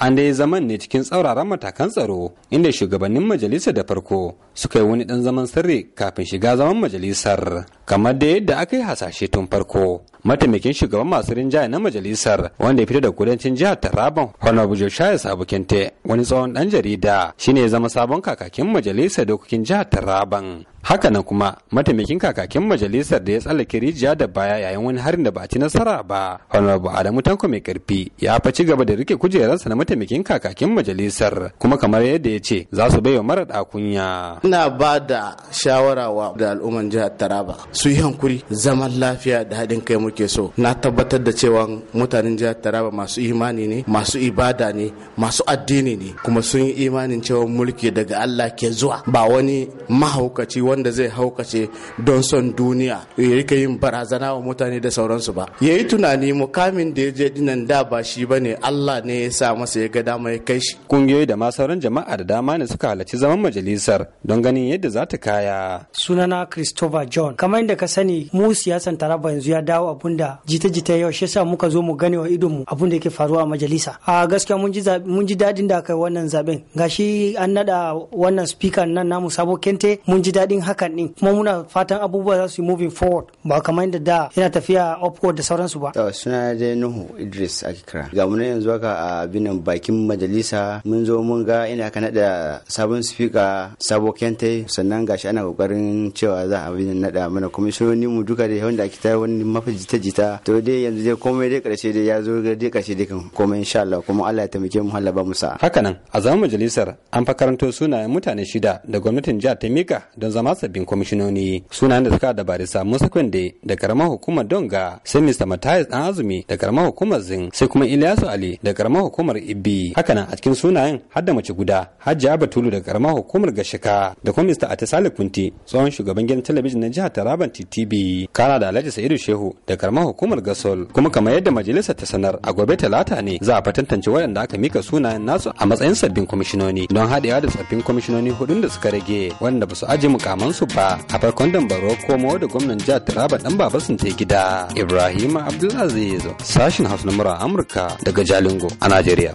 an dai zaman ne cikin tsauraran matakan tsaro inda shugabannin majalisa da farko suka yi wani dan zaman sirri kafin shiga zaman majalisar kamar da yadda aka yi hasashe tun farko mataimakin shugaban masu rinjaye na majalisar wanda ya fito da kudancin jihar taraban honorable joshua sabu kente wani tsohon dan jarida shine ya zama sabon kakakin majalisar dokokin jihar taraban hakanan kuma mataimakin kakakin majalisar da ya tsallake rijiya da baya yayin wani harin da ba ci nasara ba honorable adamu tanko mai karfi ya faci gaba da rike kujerarsa na mataimakin kakakin majalisar kuma kamar yadda ya ce za su bai wa mara kunya ina ba da shawara wa da al'umman jihar taraba su yi hankuri zaman lafiya da haɗin kai muke so na tabbatar da cewa mutanen jihar taraba masu imani ne masu ibada ne masu addini ne kuma sun yi imanin cewa mulki daga allah ke zuwa ba wani mahaukaci wanda zai haukace don son duniya ya rika yin barazana wa mutane da sauransu ba ya yi tunani mukamin da ya je dinan da ba shi ba ne allah ne ya sa masa ya ga dama ya kai shi Ƙungiyoyi da ma sauran jama'a da dama ne suka halarci zaman majalisar don ganin yadda za ta kaya sunana christopher john kamar da ka sani mu siyasan taraba yanzu ya dawo abun da jita-jita yau shi yasa muka zo mu gane wa idon mu abun da yake faruwa a majalisa a gaskiya mun ji mun ji dadin da kai wannan zaben gashi an nada wannan speaker nan namu sabo kente mun ji dadin hakan din kuma muna fatan abubuwa za su yi moving forward ba kamar yadda da yana tafiya upward da sauransu ba to suna da Nuhu Idris akikra ga mun yanzu haka a binan bakin majalisa mun zo mun ga ina ka nada sabon speaker sabo kente sannan gashi ana kokarin cewa za a binan nada mana Komishinoni mu duka da wanda ake tayar wani mafi jita-jita to dai yanzu dai komai dai karshe dai ya zo dai karshe dai kan komai insha Allah kuma Allah ya taimake mu halaba musa mu sa hakanan a zaman majalisar an fa karanto sunayen mutane shida da gwamnatin jihar ta mika don zama sabbin kwamishinoni sunayen da suka da barisa Musa Kwende da karamar hukumar Donga sai Mr. Matthias Dan Azumi da karamar hukumar Zin sai kuma Ilyasu Ali da karamar hukumar Ibbi hakanan a cikin sunayen har da mace guda Hajji Abatulu da karamar hukumar Gashika da kuma Mr. Atisali Kunti tsohon shugaban gidan talabijin na jihar Taraba baban TTB. kana da alhaji sa'idu shehu da karamar hukumar gasol kuma kamar yadda majalisar ta sanar a gobe talata ne za a fatantance waɗanda aka mika sunayen nasu a matsayin sabbin kwamishinoni don haɗewa da sabbin kwamishinoni hudun da suka rage waɗanda ba su aji mukamansu ba a farkon dambaro mawa da gwamnan jihar taraba dan baba sun ta gida ibrahim abdulaziz sashin hausa na mura amurka daga jalingo a najeriya.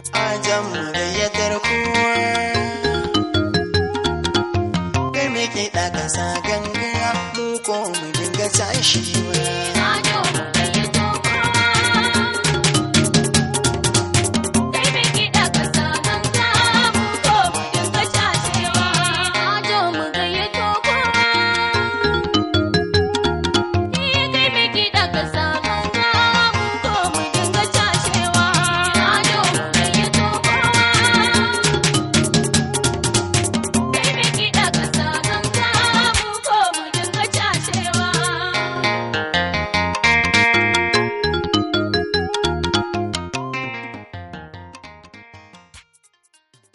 Kai me ke ɗaga sagan 我们应该再试。